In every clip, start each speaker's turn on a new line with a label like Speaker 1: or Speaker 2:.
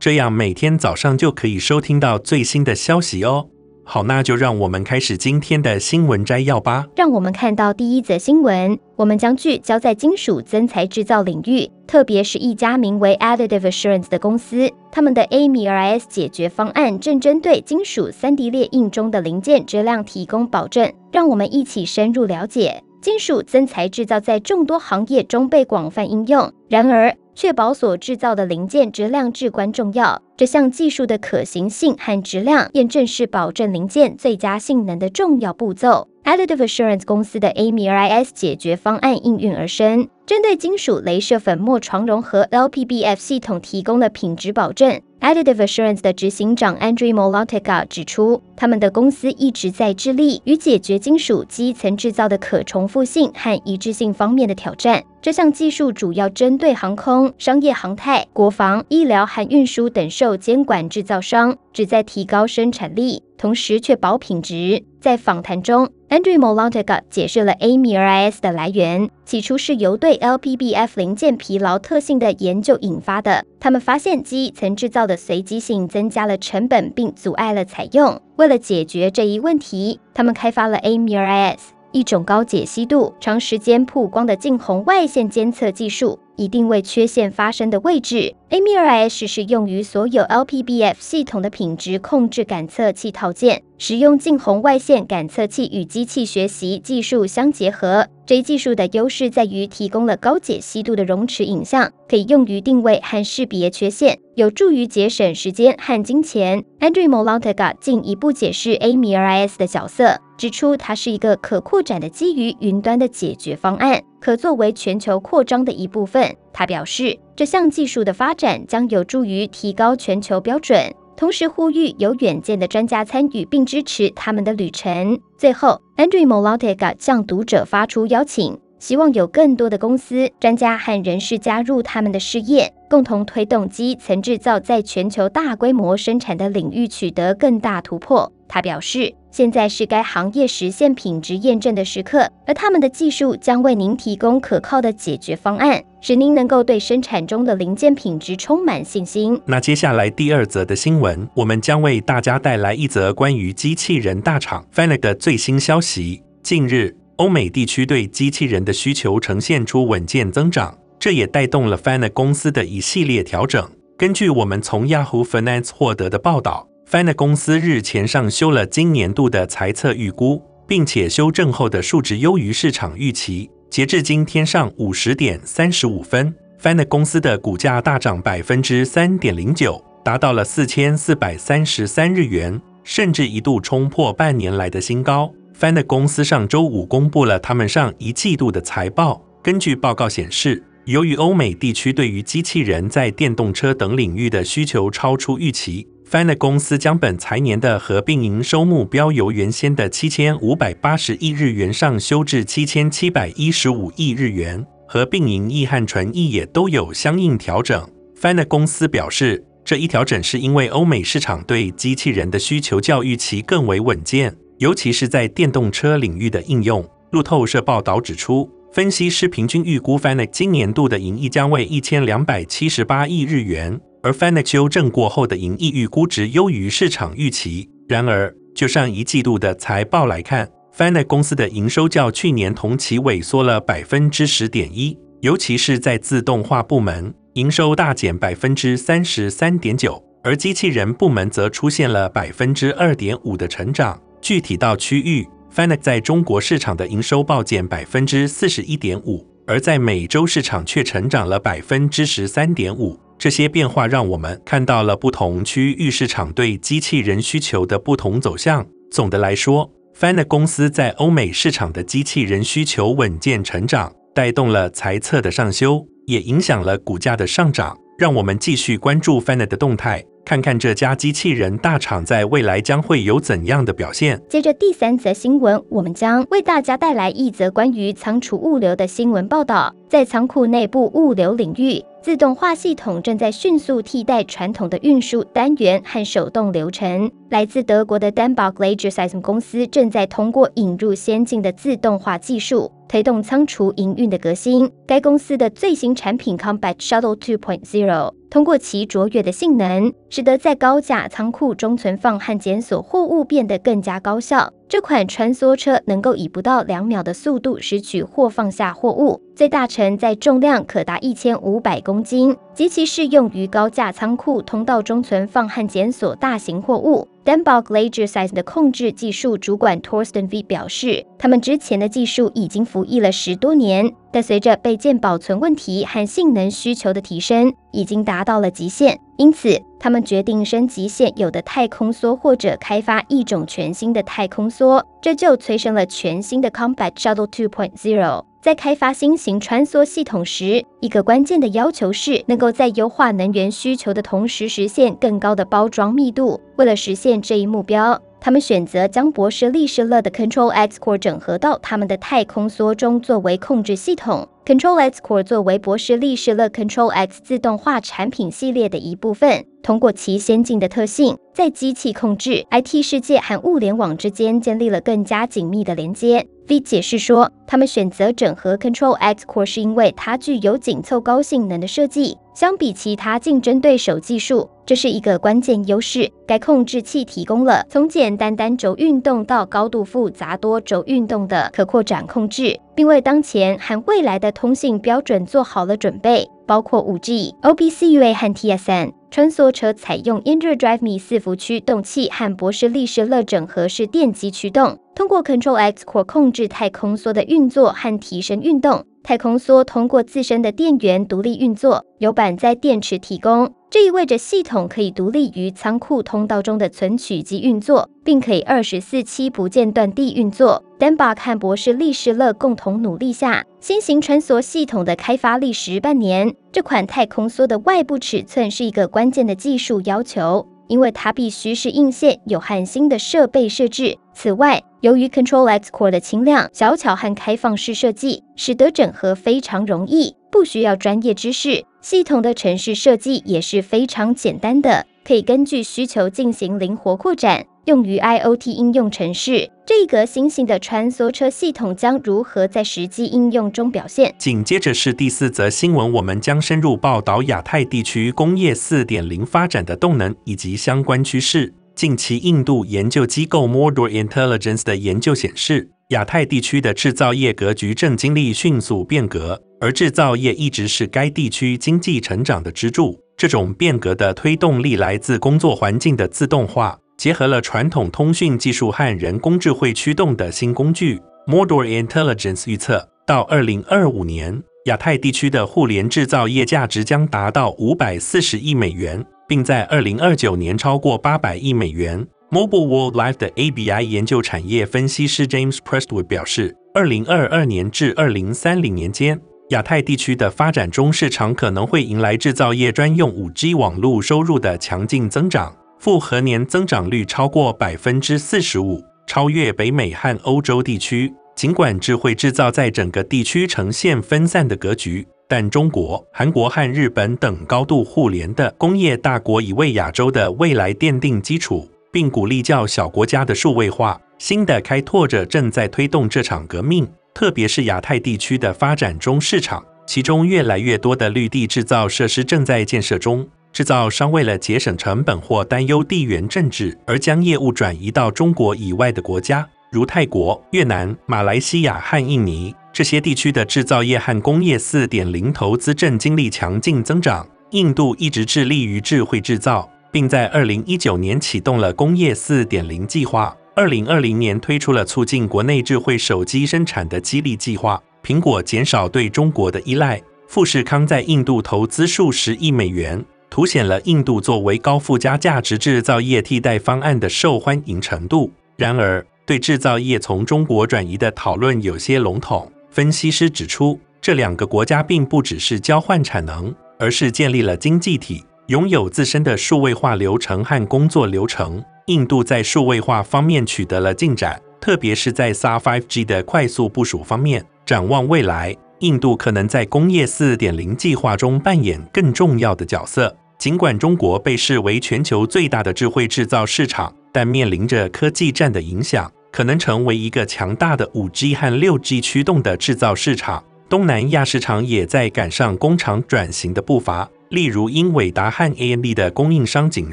Speaker 1: 這樣每天早上就可以收聽到最新的消息哦！好，那就讓我們開始今天的新聞摘要吧。
Speaker 2: 讓我們看到第一則新聞，我們將聚焦在金屬增材製造領域，特別是一家名為 Additive Assurance 的公司，他們的 AMiRIS 解決方案正針對金屬三 D 列印中的零件質量提供保證。讓我們一起深入了解，金屬增材製造在眾多行業中被廣泛應用。然而，確保所製造的零件質量至關重要。這項技術的可行性和質量驗證是保證零件最佳性能的重要步驟。Additive Assurance 公司的 AMIRIS 解決方案應運而生，針對金屬鐳射粉末床融合 （LPBF） 系統提供的品質保證。Additive Assurance 的執行長 Andrew Molotyka 指出，他們的公司一直在致力於解決金屬基層制造的可重複性和一致性方面的挑戰。這項技術主要針對航空、商業航太、國防、醫療和運輸等受。監管製造商旨在提高生產力，同時確保品質。在訪談中 Andrew Molanteg 解釋了 AMiRIS 的來源。起初是由對 LPBF 零件疲勞特性的研究引發的。他們發現積層製造的隨機性增加了成本，並阻礙了採用。為了解決這一問題，他們開發了 AMiRIS，一種高解析度、長時間曝光的近紅外線監測技術，以定位缺陷發生的位置。AMiRIS 是用於所有 LPBF 系統的品質控制感測器套件。使用近紅外線感測器與機器學習技術相結合，這一技術的優勢在於提供了高解析度的熔池影像，可以用於定位和識別缺陷，有助於節省時間和金錢。Andrew Molotoga 進一步解釋 AMiRIS 的角色，指出它是一個可擴展的基於雲端的解決方案，可作為全球擴張的一部分。他表示，這項技術的發展將有助於提高全球標準。同時呼籲有遠見的專家參與並支持他們的旅程。最後，Andrew Molotek 向讀者發出邀請，希望有更多的公司、專家和人士加入他們的事業，共同推動機層製造在全球大規模生產的領域取得更大突破。他表示。現在是該行業實現品質驗證的時刻，而他們的技術將為您提供可靠的解決方案，使您能夠對生產中的零件品質充滿信心。
Speaker 1: 那接下來第二則的新聞，我們將為大家帶來一則關於機器人大廠 Fanuc 的最新消息。近日，歐美地區對機器人的需求呈現出穩健增長，這也帶動了 Fanuc 公司的一系列調整。根據我們從 Yahoo Finance 獲得的報道。Fanuc 公司日前上修了今年度的財測預估，並且修正後的數值優於市場預期。截至今天上午十點三十五分，Fanuc 公司的股價大漲百分之三點零九，達到了四千四百三十三日元，甚至一度衝破半年來的新高。Fanuc 公司上周五公布了他們上一季度的財報。根據報告顯示，由於歐美地區對於機器人在電動車等領域的需求超出預期。Fanuc 公司將本財年的合併營收目標由原先的七千五百八十億日元上修至七千七百一十五億日元，合併盈利和純益也都有相應調整。Fanuc 公司表示，這一調整是因為歐美市場對機器人的需求較預期更為穩健，尤其是在電動車領域的應用。路透社報道指出，分析師平均預估 Fanuc 今年度的盈利將為一千兩百七十八億日元。而 Fanuc 修正過後的盈利預估值優於市場預期。然而，就上一季度的財報來看，Fanuc 公司的營收較去年同期萎縮了百分之十點一，尤其是在自動化部門，營收大減百分之三十三點九，而機器人部門則出現了百分之二點五的成長。具體到區域，Fanuc 在中國市場的營收暴減百分之四十一點五，而在美洲市場卻成長了百分之十三點五。這些變化讓我們看到了不同區域市場對機器人需求的不同走向。總的來說，Fanuc 公司在歐美市場的機器人需求穩健成長，帶動了財測的上修，也影響了股價的上漲。讓我們繼續關注 Fanuc 的動態，看看這家機器人大廠在未來將會有怎樣的表現。
Speaker 2: 接着第三則新聞，我們將為大家帶來一則關於倉儲物流的新聞報道。在倉庫內部物流領域，自動化系統正在迅速替代傳統的運輸單元和手動流程。來自德國的 Dambach Lagersysteme 公司正在通過引入先進的自動化技術。推動倉儲營運的革新。該公司的最新產品 Compact Shuttle 2.0，通過其卓越的性能，使得在高架倉庫中存放和檢索貨物變得更加高效。這款穿梭車能夠以不到兩秒的速度拾取或放下貨物。最大承載重量可達一千五百公斤，極其適用於高架倉庫通道中存放和檢索大型貨物。Dambach Lagersysteme 的控制技術主管 Torsten V 表示：“他們之前的技術已經服役了十多年，但隨着備件保存問題和性能需求的提升，已經達到了極限。因此，他們決定升級現有的太空梭，或者開發一種全新的太空梭。這就催生了全新的 Compact Shuttle 2.0。”在開發新型穿梭系統時，一個關鍵的要求是能夠在優化能源需求的同時，實現更高的包裝密度。為了實現這一目標，他們選擇將博世力士樂的 Control X Core 整合到他們的太空梭中，作為控制系統。Control X Core 作為博世力士樂 Control X 自動化產品系列的一部分，通過其先進的特性，在機器控制、IT 世界和物聯網之間建立了更加緊密的連接。V 解釋說，他們選擇整合 Control X Core 是因為它具有緊湊高性能的設計，相比其他競爭對手技術，這是一個關鍵優勢。該控制器提供了從簡單單軸運動到高度複雜多軸運動的可擴展控制，並為當前和未來的通信標準做好了準備，包括 5G、OBCUA 和 TSN。穿梭車採用 IndraDrive Mi 四幅驅動器和博世力士樂整合式電機驅動，通過 Control X CORE 控制太空梭的運作和提升運動。太空梭通過自身的電源獨立運作，由板載電池提供。這意味着系統可以獨立於倉庫通道中的存取及運作，並可以二十四七不間斷地運作。Dambach 和博士力士樂共同努力下，新型穿梭系統的開發歷時半年。這款太空梭的外部尺寸是一個關鍵的技術要求，因為它必須是硬線有焊芯的設備設置。此外，由於 Control X Core 的輕量、小巧和開放式設計，使得整合非常容易，不需要專業知識。系統的程式設計也是非常簡單的，可以根據需求進行靈活擴展，用於 IoT 應用程式。這一革新型的穿梭車系統將如何在實際應用中表現？
Speaker 1: 緊接着是第四則新聞，我們將深入報道亞太地區工業四點零發展的動能以及相關趨勢。近期，印度研究機構 Mordor Intelligence 的研究顯示，亞太地區的製造業格局正經歷迅速變革，而製造業一直是該地區經濟成長的支柱。這種變革的推動力來自工作環境的自動化，結合了傳統通訊技術和人工智慧驅動的新工具。Mordor Intelligence 預測，到2025年，亞太地區的互聯製造業價值將達到540億美元。並在二零二九年超過八百億美元。Mobile World Live 的 ABI 研究產業分析師 James Prestwood 表示，二零二二年至二零三零年間，亞太地區的發展中市場可能會迎來制造業專用五 G 網絡收入的強勁增長，複合年增長率超過百分之四十五，超越北美和歐洲地區。儘管智慧制造在整個地區呈現分散的格局。但中國、韓國和日本等高度互聯的工業大國已為亞洲的未來奠定基礎，並鼓勵較小國家的數位化。新的開拓者正在推動這場革命，特別是亞太地區的發展中市場，其中越來越多的綠地制造設施正在建設中。制造商為了節省成本或擔憂地緣政治，而將業務轉移到中國以外的國家，如泰國、越南、馬來西亞和印尼。這些地區的製造業和工業四點零投資正經歷強勁增長。印度一直致力於智慧製造，並在2019年啟動了工業四點零計劃。2020年推出了促進國內智慧手機生產的激勵計劃。蘋果減少對中國的依賴，富士康在印度投資數十億美元，凸顯了印度作為高附加價值製造業替代方案的受歡迎程度。然而，對製造業從中國轉移的討論有些籠統。分析師指出，這兩個國家並不只是交換產能，而是建立了經濟體，擁有自身的數位化流程和工作流程。印度在數位化方面取得了進展，特別是在 SA 5G 的快速部署方面。展望未來，印度可能在工業4.0計劃中扮演更重要的角色。儘管中國被視為全球最大的智慧製造市場，但面臨着科技戰的影響。可能成為一個強大的五 G 和六 G 驅動的制造市場。東南亞市場也在趕上工廠轉型的步伐，例如英偉達和 AMD 的供應商景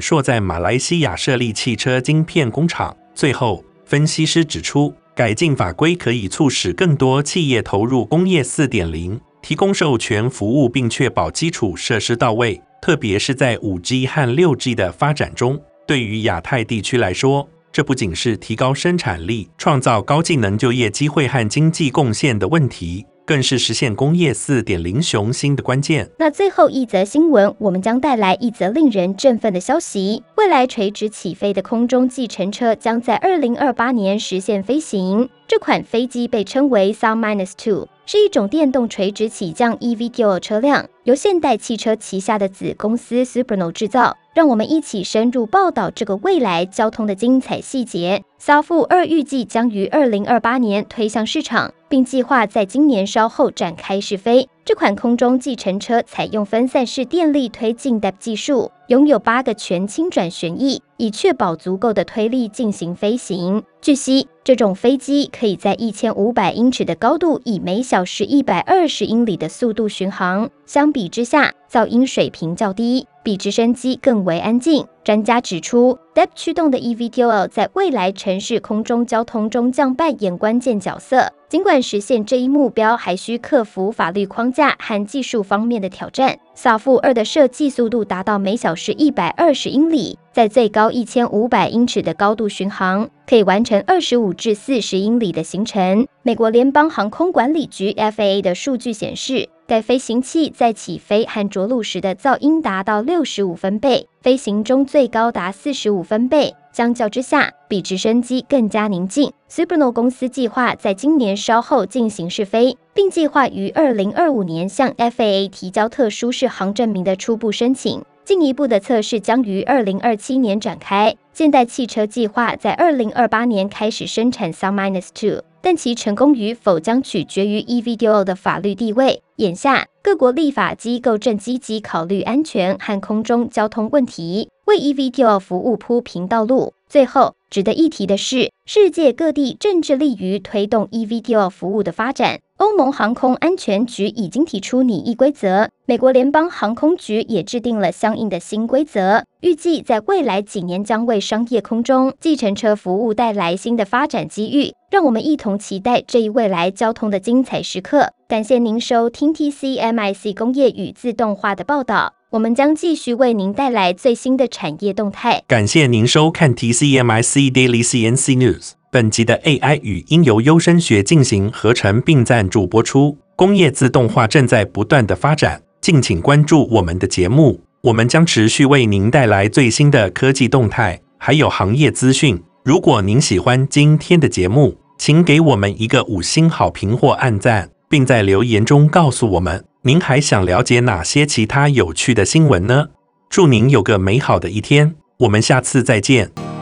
Speaker 1: 碩在馬來西亞設立汽車晶片工廠。最後，分析師指出，改進法規可以促使更多企業投入工業四點零，提供授權服務，並確保基礎設施到位，特別是在五 G 和六 G 的發展中，對於亞太地區來說。這不僅是提高生產力、創造高技能就業機會和經濟貢獻的問題，更是實現工業四點零雄心的關鍵。
Speaker 2: 那最後一則新聞，我們將帶來一則令人振奮的消息：未來垂直起飛的空中計程車將在二零二八年實現飛行。這款飛機被稱為 SA-2，是一種電動垂直起降 eVTOL 車輛。由現代汽車旗下的子公司 Supernal 製造，讓我們一起深入報道這個未來交通的精彩細節。SA-2 預計將於2028年推向市場，並計劃在今年稍後展開試飛。這款空中計程車採用分散式電力推進的技術，擁有八個全傾轉旋翼，以確保足夠的推力進行飛行。據悉，這種飛機可以在1500英尺的高度以每小時120英里的速度巡航。相比。比之下，噪音水平較低，比直升機更為安靜。專家指出，d p 驅動的 eVTOL 在未來城市空中交通中將扮演關鍵角色。儘管實現這一目標還需克服法律框架和技術方面的挑戰。SA-2 的設計速度達到每小時一百二十英里，在最高一千五百英尺的高度巡航，可以完成二十五至四十英里的行程。美國聯邦航空管理局 FAA 的數據顯示，該飛行器在起飛和着着陸時的噪音達到六十五分貝，飛行中最高達四十五分貝。相較之下，比直升機更加寧靜。Supernal 公司計劃在今年稍後進行試飛，並計劃於二零二五年向 FAA 提交特殊適航證明的初步申請。進一步的測試將於二零二七年展開。現代汽車計劃在二零二八年開始生產 SA-2，但其成功與否將取決於 eVTOL 的法律地位。眼下，各國立法機構正積極考慮安全和空中交通問題，為 eVTOL 服務鋪平道路。最後值得一提的是，世界各地正致力於推動 eVTOL 服務的發展。歐盟航空安全局已經提出擬議規則，美國聯邦航空局也制定了相應的新規則。預計在未來幾年將為商業空中計程車服務帶來新的發展機遇。讓我們一同期待這一未來交通的精彩時刻。感謝您收聽 TCMIC 工業與自動化的報道。我們將繼續為您帶來最新的產業動態。
Speaker 1: 感謝您收看 TCMIC Daily CNC News。本集的 AI 語音由優聲學進行合成並贊助播出。工業自動化正在不斷的發展，敬請關注我們的節目。我們將持續為您帶來最新的科技動態，還有行業資訊。如果您喜歡今天的節目，請給我們一個五星好評或按贊，並在留言中告訴我們。您還想了解哪些其他有趣的新聞呢？祝您有個美好的一天，我們下次再見。